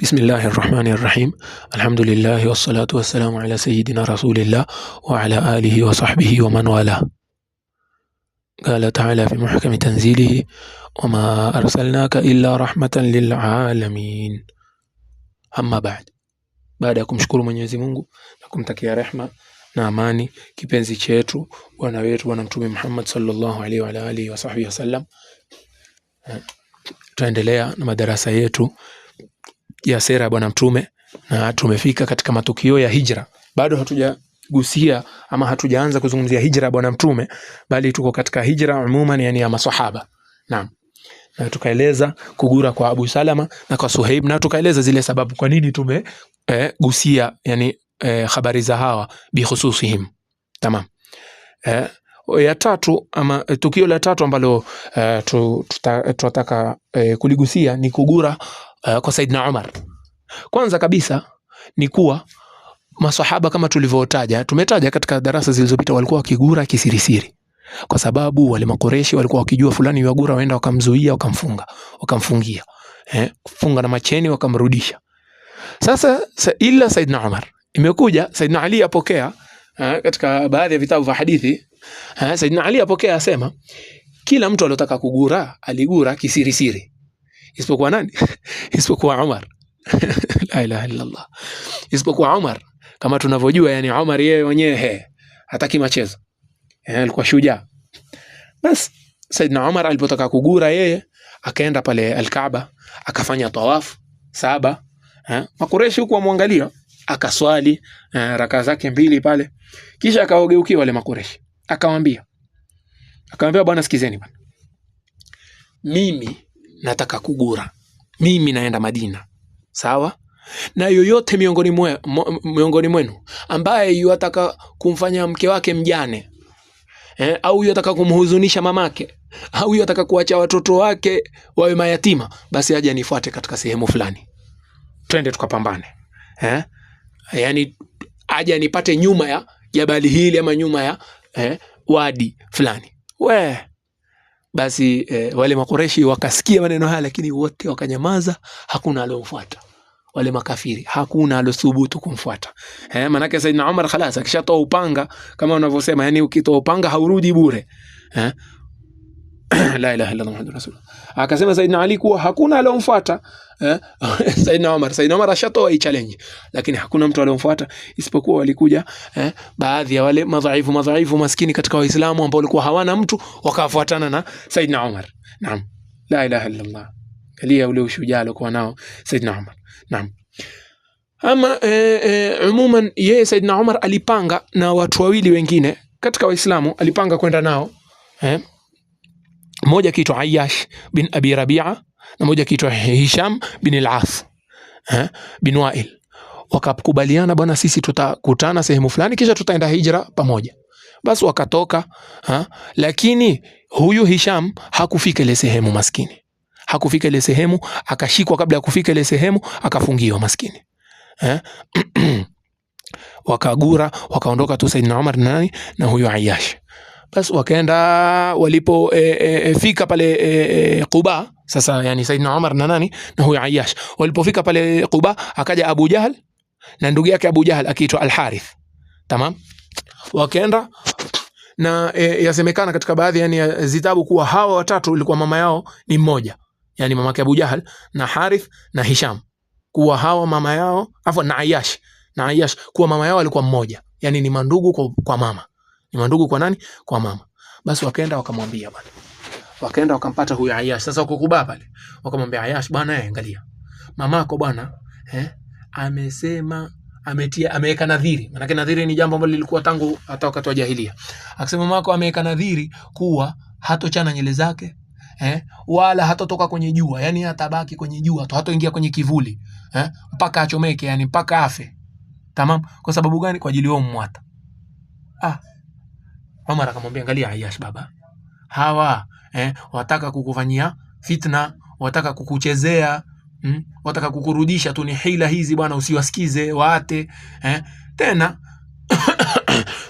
Bismillahi rahmani rahim. Alhamdulillahi wassalatu wassalamu ala sayidina rasulillah wa ala alihi wa sahbihi wa man wala. Qala ta'ala fi muhkami tanzilihi wama arsalnaka illa rahmatan lil alamin. Amma ba'd, baada ya kumshukuru Mwenyezi Mungu na kumtakia rehma na amani kipenzi chetu bwana wetu Bwana Mtume Muhammad sallallahu alaihi wa ala alihi wa sahbihi wasallam, eh, tutaendelea na madarasa yetu ya sera ya Bwana Mtume, na tumefika katika matukio ya hijra. Bado hatujagusia ama hatujaanza kuzungumzia hijra ya Bwana Mtume, bali tuko katika hijra umuman, yani ya maswahaba. Naam, na tukaeleza kugura kwa Abu Salama na kwa Suhaib, na tukaeleza zile sababu kwa nini tumegusia eh, yani eh, habari za hawa bihususihim. Tamam eh, ya tatu ama eh, tukio la tatu ambalo uh, eh, tunataka uh, eh, kuligusia ni kugura uh, kwa Saidna Umar. Kwanza kabisa ni kuwa maswahaba kama tulivyotaja, tumetaja katika darasa zilizopita, walikuwa wakigura kisirisiri kwa sababu wale makoreshi walikuwa wakijua fulani yagura, waenda wakamzuia, wakamfunga, wakamfungia eh, kufunga na macheni, wakamrudisha. Sasa sa ila Saidna Umar imekuja Saidna Ali apokea ha, katika baadhi ya vitabu vya hadithi ha, Saidina Ali apokea asema kila mtu aliotaka kugura aligura kisirisiri isipokuwa nani? isipokuwa Umar la ilaha illa Allah, isipokuwa Umar. Kama tunavyojua, yani Umar yeye mwenyewe hataki machezo, alikuwa shujaa. Bas Saidina Umar alipotaka kugura yeye akaenda pale Alkaaba akafanya tawafu saba. Makureshi huku wamwangalia akaswali eh, raka zake mbili pale kisha akawageukia wale makureshi akawambia akawaambia bwana sikizeni bwana mimi nataka kugura mimi naenda madina sawa na yoyote miongoni, mwe, miongoni mwenu ambaye yuataka kumfanya mke wake mjane eh, au yuataka kumhuzunisha mamake au yuataka kuacha watoto wake wawe mayatima basi aje anifuate katika sehemu fulani twende tukapambane eh? yani aje nipate nyuma ya jabali hili ama nyuma ya eh, wadi fulani we basi eh, wale makureshi wakasikia maneno haya, lakini wote wakanyamaza, hakuna aliyomfuata wale makafiri hakuna alothubutu kumfuata eh, manake Saidna Umar khalas akishatoa upanga kama unavyosema, yani ukitoa upanga haurudi bure eh, la ilaha illa muhammadur rasulullah. Akasema Saidina Ali kuwa hakuna aliyomfuata eh? Saidina Omar, Saidina Omar ashatoa hii challenge, lakini hakuna mtu aliyomfuata isipokuwa walikuja eh, baadhi ya wale madhaifu madhaifu maskini katika Waislamu ambao walikuwa hawana mtu wakafuatana na Saidina Omar. Naam, la ilaha illa illallah. Kalia ule ushujaa alikuwa nao Saidina Omar. Naam. Ama eh, eh, umuman yeye Saidina Omar alipanga na watu wawili wengine katika Waislamu alipanga kwenda nao eh? mmoja akiitwa Ayash bin Abi Rabia na mmoja akiitwa Hisham bin al-Ath eh, bin Wail, wakakubaliana, bwana, sisi tutakutana sehemu fulani, kisha tutaenda hijra pamoja. Basi wakatoka ha? Eh, lakini huyu Hisham hakufika ile sehemu maskini, hakufika ile sehemu, akashikwa kabla ya kufika ile sehemu, akafungiwa maskini eh, wakagura, wakaondoka tu Saidina Umar nani na huyu Ayash basi wakaenda walipofika eh, eh, eh, e, e, pale e, Quba sasa, yani Saidna Umar na nani na huyo Ayash walipofika pale Quba, akaja Abu Jahl na ndugu yake Abu Jahl akiitwa Al Harith, tamam. Wakaenda na e, yasemekana katika baadhi yani ya zitabu kuwa hawa watatu ilikuwa mama yao ni mmoja, yani mama yake Abu Jahl na Harith na Hisham, kuwa hawa mama yao afu na Ayash na Ayash kuwa mama yao alikuwa mmoja, yani ni mandugu kwa, kwa mama ni mandugu kwa nani? Kwa mama. Basi wakaenda wakamwambia bwana, wakaenda wakampata huyo Ayash. Sasa wako kubaba pale, wakamwambia Ayash, bwana eh, angalia mamako bwana eh, amesema ametia ameweka nadhiri. Maana nadhiri ni jambo ambalo lilikuwa tangu hata wakati wa jahilia. Akasema mamako ameweka nadhiri kuwa hatochana nywele zake eh, wala hatotoka kwenye jua, yani atabaki kwenye jua tu, hatoingia kwenye kivuli eh, mpaka achomeke, yani mpaka afe. Tamam. Kwa sababu gani? Kwa ajili yao mmwata. Ah, Omar akamwambia angalia, Ayash baba, hawa eh, wataka kukufanyia fitna, wataka kukuchezea mm, wataka kukurudisha tu. Ni hila hizi bwana, usiwasikize waate eh, tena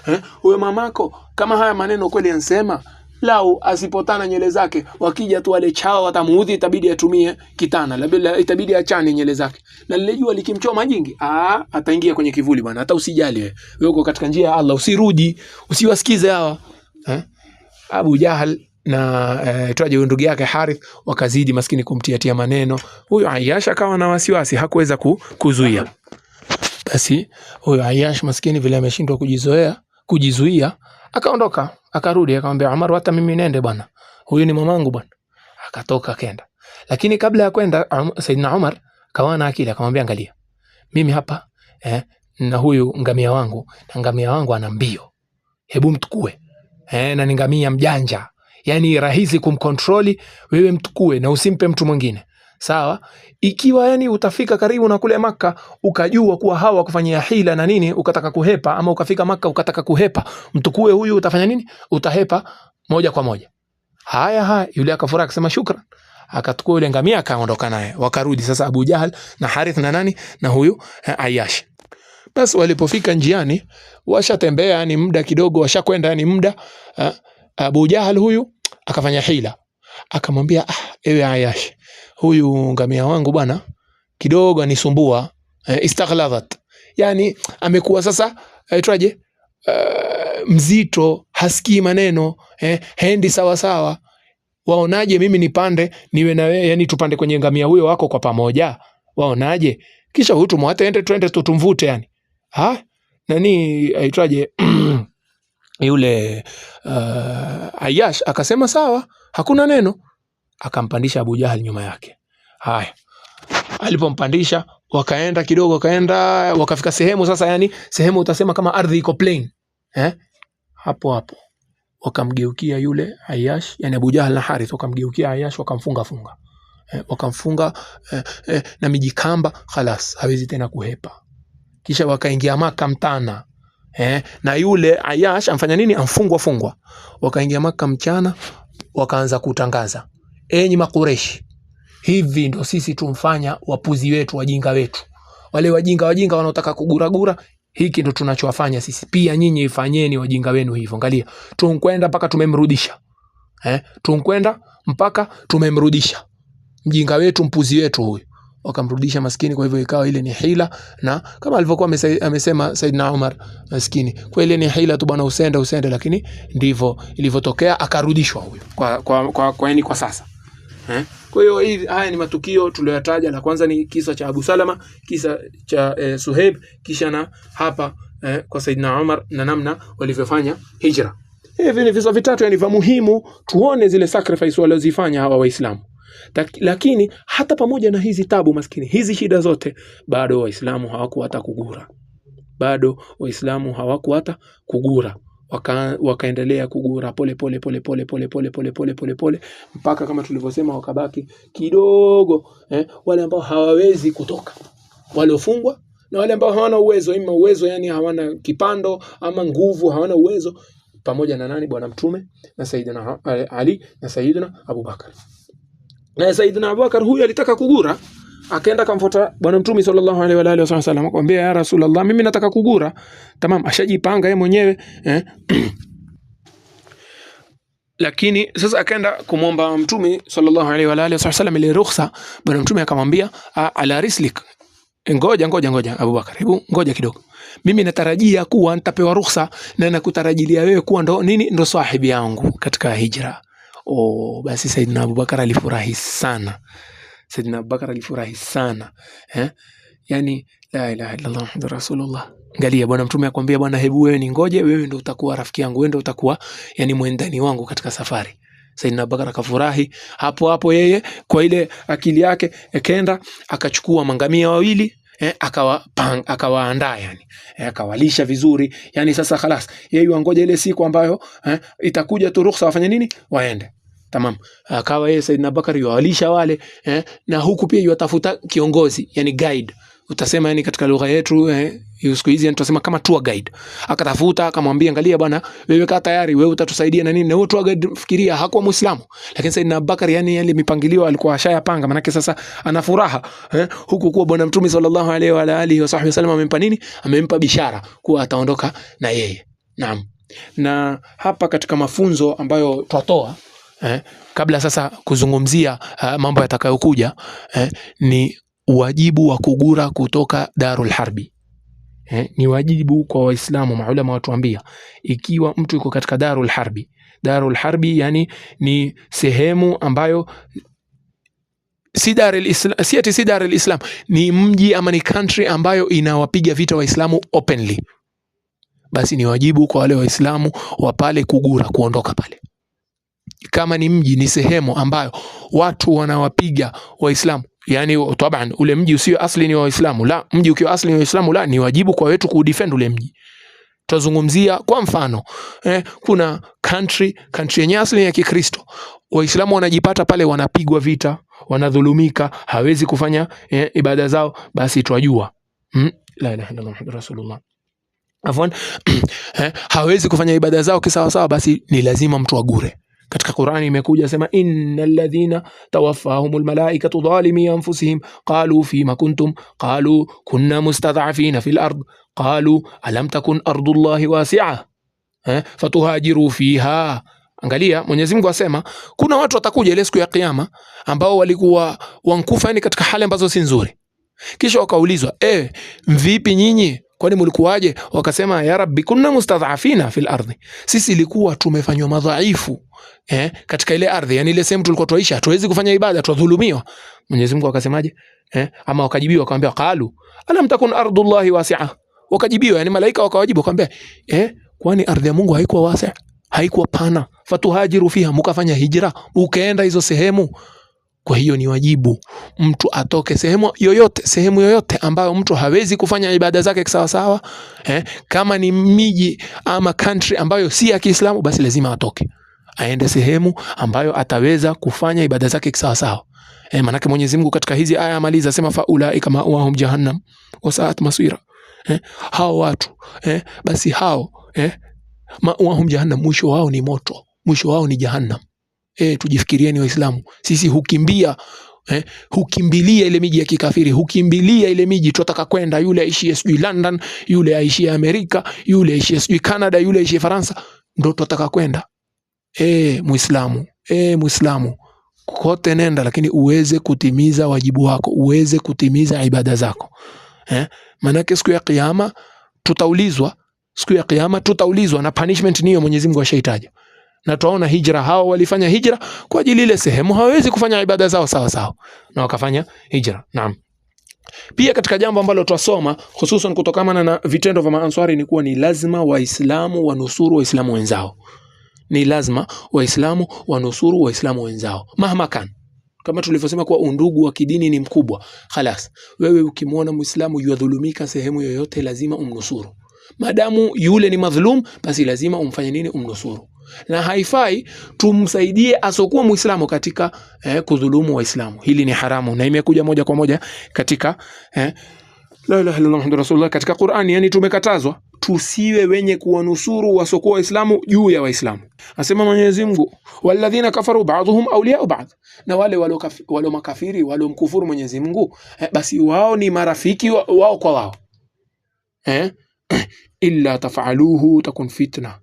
eh, huyo mamako kama haya maneno kweli yansema lau asipotana nywele zake, wakija tu wale chao watamuudhi, itabidi atumie kitana, labda itabidi achane nywele zake. Na lile jua likimchoma jingi, ah, ataingia kwenye kivuli bwana. Hata usijali wewe, uko katika njia ya Allah, usirudi, usiwasikize hawa eh? Abu Jahal na eh, twaje ndugu yake Harith wakazidi maskini kumtia tia maneno. Huyo Ayasha akawa na wasiwasi, hakuweza kuzuia. Basi huyo Ayash maskini vile ameshindwa kujizoea kujizuia Akaondoka, akarudi, akamwambia Umar, hata mimi nende bwana, huyu ni mamangu bwana. Akatoka kenda, lakini kabla ya kwenda um, Saidina Umar kawa na akili, akamwambia angalia, mimi hapa eh, na huyu ngamia wangu na ngamia wangu ana mbio, hebu mtukue eh, na ni ngamia mjanja, yani rahisi kumkontroli wewe, mtukue na usimpe mtu mwingine sawa. Ikiwa yani utafika karibu na kule Makka ukajua kuwa hawa wakufanyia hila na nini, ukataka kuhepa ama ukafika Makka ukataka kuhepa, mtukue huyu, utafanya nini? Utahepa moja kwa moja. Haya haya, yule akafurahi akasema shukran, akatukua yule ngamia akaondoka naye. Wakarudi sasa Abu Jahal na Harith na nani na huyu eh, Ayash. Basi walipofika njiani, washatembea yani muda kidogo, washakwenda yani muda, eh, Abu Jahal huyu akafanya hila, akamwambia ah, ewe Ayash huyu ngamia wangu bwana kidogo anisumbua eh, istaghladhat yani amekuwa sasa aitwaje eh, uh, eh, mzito hasikii maneno eh, hendi sawa sawa waonaje mimi nipande niwe na yani tupande kwenye ngamia huyo wako kwa pamoja waonaje kisha huyu tumwate ende twende tutumvute yani ha nani aitwaje eh, yule uh, Ayash akasema sawa hakuna neno akampandisha Abu Jahal nyuma yake. Haya, alipompandisha wakaenda kidogo, wakaenda wakafika sehemu sasa, yani sehemu utasema kama ardhi iko plain eh? hapo hapo wakamgeukia yule Ayash, yani Abu Jahal na Harith wakamgeukia Ayash wakamfunga funga eh, wakamfunga eh, eh, na mijikamba, khalas hawezi tena kuhepa. Kisha wakaingia Maka mtana eh, na yule Ayash amfanya nini? Amfungwa fungwa. Wakaingia Maka mchana, wakaanza kutangaza enyi Makureshi, hivi ndo sisi tumfanya wapuzi wetu, wajinga wetu, wale wajinga wajinga wanaotaka kuguragura hiki ndo tunachowafanya sisi. Pia nyinyi ifanyeni wajinga wenu hivyo. Angalia, tunkwenda mpaka tumemrudisha eh, tunkwenda mpaka tumemrudisha mjinga wetu, mpuzi wetu huyu, wakamrudisha maskini. Kwa hivyo ikawa ile ni hila, na kama alivyokuwa amesema Saidna Umar maskini, kwa ile ni hila tu bwana, usende usende, lakini ndivyo ilivyotokea, akarudishwa huyo kwa, kwa, kwa, kwa, kwa sasa kwa hiyo hii haya ni matukio tuliyoyataja. La kwanza ni kisa cha Abu Salama, kisa cha e, eh, Suheib, kisha na hapa e, kwa Saidina Umar na namna walivyofanya hijra. Hivi ni visa vitatu, yani vya muhimu, tuone zile sacrifice waliozifanya hawa Waislamu. Lakini hata pamoja na hizi tabu maskini, hizi shida zote, bado Waislamu hawaku hata kugura, bado Waislamu hawaku hata kugura waka, wakaendelea kugura pole pole pole pole pole pole pole pole pole pole mpaka kama tulivyosema wakabaki kidogo eh, wale ambao hawawezi kutoka waliofungwa na wale ambao hawana uwezo, ima uwezo yani hawana kipando ama nguvu, hawana uwezo, pamoja na nani? Bwana Mtume na Saidina Ali na Saidina Abubakar. Na Saidina Abubakar huyu alitaka kugura akaenda kamfuata bwana mtume sallallahu alaihi wa alihi wasallam akamwambia ya rasulullah mimi nataka kugura tamam ashajipanga yeye mwenyewe eh? lakini sasa akaenda kumwomba mtume sallallahu alaihi wa alihi wasallam ile ruhusa bwana mtume akamwambia ala rislik ngoja ngoja ngoja Abubakar, hebu ngoja kidogo, mimi natarajia kuwa nitapewa ruhusa na nakutarajilia wewe kuwa ndo nini, ndo sahibi yangu katika hijra. Oh, basi Saidina Abubakar alifurahi sana. Saidina Abubakar alifurahi sana eh? Yani la ilaha illallah muhamadu rasulullah. Angalia bwana mtume akwambia, bwana hebu wewe ni ngoje, wewe ndo utakuwa rafiki yangu, wewe ndo utakuwa yani mwendani wangu katika safari. Saidina Abubakar akafurahi hapo hapo, yeye kwa ile akili yake akenda akachukua mangamia wawili eh, akawaandaa akawa yani eh, akawalisha vizuri yani. Sasa khalas, yeye wangoja ile siku ambayo eh, itakuja tu ruhusa wafanye nini, waende Tamam. Akawa ah, yeye Saidina Bakar yuwalisha wale eh, na huku pia yatafuta kiongozi, yani guide. Utasema yani katika lugha yetu eh, siku hizi tunasema kama tour guide. Akatafuta akamwambia, angalia bwana, wewe kaa tayari, wewe utatusaidia na nini. Na huyo tour guide fikiria hakuwa Muislamu, lakini Saidina Abubakar yani yale mipangilio alikuwa ashayapanga, maanake sasa ana furaha eh, huku kuwa bwana Mtume sallallahu alaihi wa alihi wasallam amempa nini, amempa bishara kuwa ataondoka na yeye. Naam. Na hapa katika mafunzo ambayo twatoa eh, kabla sasa kuzungumzia uh, mambo yatakayokuja eh, ni wajibu wa kugura kutoka Darul Harbi. Eh, ni wajibu kwa Waislamu, maulama watuambia, ikiwa mtu yuko katika Darul Harbi. Darul Harbi yani ni sehemu ambayo si Darul si ati si Darul Islam, ni mji ama ni country ambayo inawapiga vita Waislamu openly, basi ni wajibu kwa wale Waislamu wa pale kugura, kuondoka pale kama ni mji ni sehemu ambayo watu wanawapiga Waislamu yani taban, ule mji usio asli ni Waislamu la mji ukiwa asli ni Waislamu la, ni wajibu kwa wetu kudefend ule mji. Tutazungumzia kwa mfano eh, kuna country country yenye asli ya Kikristo, Waislamu wanajipata pale, wanapigwa vita, wanadhulumika, hawezi kufanya eh, ibada zao, basi twajua mm? la ilaha illa muhammadur rasulullah afwan eh, hawezi kufanya ibada zao kisawasawa, basi ni lazima mtu agure katika Qur'ani imekuja sema innal ladhina tawaffahumul almalaikatu dhalimi anfusihim qalu fima kuntum qalu kunna mustad'afina fil ard qalu alam takun ardullahi wasi'a eh, fatuhajiru fiha Angalia, Mwenyezi Mungu asema kuna watu watakuja ile siku ya kiyama ambao walikuwa wankufa, yani katika hali ambazo si nzuri kisha wakaulizwa e, mvipi nyinyi, kwani mlikuwaje? Wakasema ya rabbi kunna mustadhafina fil ardhi, sisi ilikuwa tumefanywa madhaifu eh, katika ile ardhi, yani ile sehemu tulikuwa tuishi, hatuwezi kufanya ibada, tudhulumiwa. Mwenyezi Mungu akasemaje? Eh, ama wakajibiwa akamwambia qalu alam takun ardullahi wasi'a, wakajibiwa yani malaika wakawajibu akamwambia eh, kwani ardhi ya Mungu haikuwa wasi'a, haikuwa pana, fatuhajiru fiha, mukafanya hijra, ukaenda hizo sehemu kwa hiyo ni wajibu mtu atoke sehemu yoyote, sehemu yoyote ambayo mtu hawezi kufanya ibada zake kisawasawa eh. Kama ni miji ama country ambayo si ya Kiislamu, basi lazima atoke aende sehemu ambayo ataweza kufanya ibada zake kisawasawa. Eh, manake Mwenyezi Mungu katika hizi aya amaliza sema faulaika mawahum jahannam wasaat masira. eh, hao watu eh, basi hao e, mawahum jahannam, mwisho wao ni moto, mwisho wao ni jahannam. E, tujifikirieni Waislamu, sisi hukimbia Eh, hukimbilia ile miji ya kikafiri, hukimbilia ile miji tunataka kwenda, yule aishie sijui London, yule aishie Amerika, yule aishie sijui Canada, yule aishie Faransa, ndo tunataka kwenda. Eh, Muislamu, eh, Muislamu, kote nenda, lakini uweze kutimiza wajibu wako, uweze kutimiza ibada zako eh, maanake siku ya kiyama tutaulizwa, siku ya kiyama tutaulizwa na punishment niyo Mwenyezi Mungu ashaitaja na tuwaona hijra, hao walifanya hijra kwa ajili ile sehemu hawezi kufanya ibada zao sawa sawa, na wakafanya hijra. Naam. Pia katika jambo ambalo twasoma hususan kutokana na vitendo vya maanswari ni kuwa ni lazima Waislamu wanusuru Waislamu wenzao, ni lazima Waislamu wanusuru Waislamu wenzao mahma kan kama tulivyosema kuwa undugu wa kidini ni mkubwa. Halas, wewe ukimwona Muislamu yadhulumika sehemu yoyote, lazima umnusuru. Madamu yule ni madhulum, basi lazima umfanye nini? Umnusuru na haifai tumsaidie asokuwa Muislamu katika eh, kudhulumu Waislamu. Hili ni haramu na imekuja moja kwa moja katika eh, la ilaha illallah muhammadur rasulullah katika Qur'ani, yani tumekatazwa tusiwe wenye kuwanusuru wasokuwa Waislamu juu ya Waislamu. Asema Mwenyezi Mungu, walladhina kafaru ba'dhum awliya'u ba'd, na wale walio makafiri waliomkufuru Mwenyezi Mungu eh, basi wao ni marafiki wao kwa wao eh? illa tafaluhu takun fitna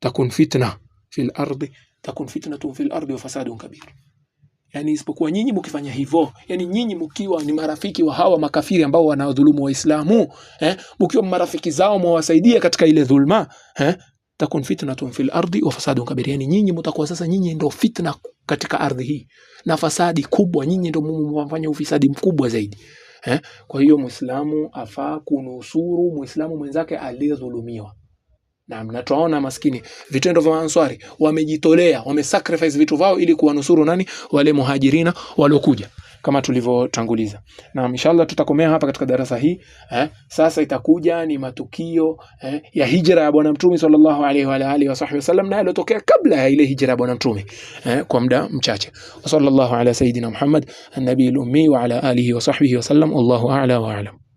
takun fitna fil ardi takun fitnatun fil ardi wa fasadun kabir. Yani, isipokuwa nyinyi mkifanya hivyo, yani nyinyi mkiwa ni marafiki wa hawa makafiri ambao wanaodhulumu Waislamu eh, mkiwa marafiki zao mwawasaidia katika ile dhulma eh, takun fitnatun fil ardi wa fasadun kabir. Yani nyinyi mtakuwa sasa, nyinyi ndio fitna katika ardhi hii na fasadi kubwa, nyinyi ndio mwafanya ufisadi mkubwa zaidi eh. Kwa hiyo Muislamu afaa kunusuru Muislamu mwenzake aliyedhulumiwa. Naam, na maskini vitendo vya Answari wamejitolea, wamesacrifice vitu vao ili kuwanusuru nani? Wale muhajirina waliokuja kama tulivyotanguliza. Na inshallah tutakomea hapa katika darasa hii eh. Sasa itakuja ni matukio eh, ya hijra ya bwana mtume sallallahu alaihi wa alihi sahbihi wasallam na yaliyotokea kabla ya ile hijra ya bwana mtume eh, kwa muda mchache. Sallallahu ala sayidina Muhammad an-nabiyil ummi wa ala alihi wa sahbihi wasallam. Allahu a'la wa a'lam.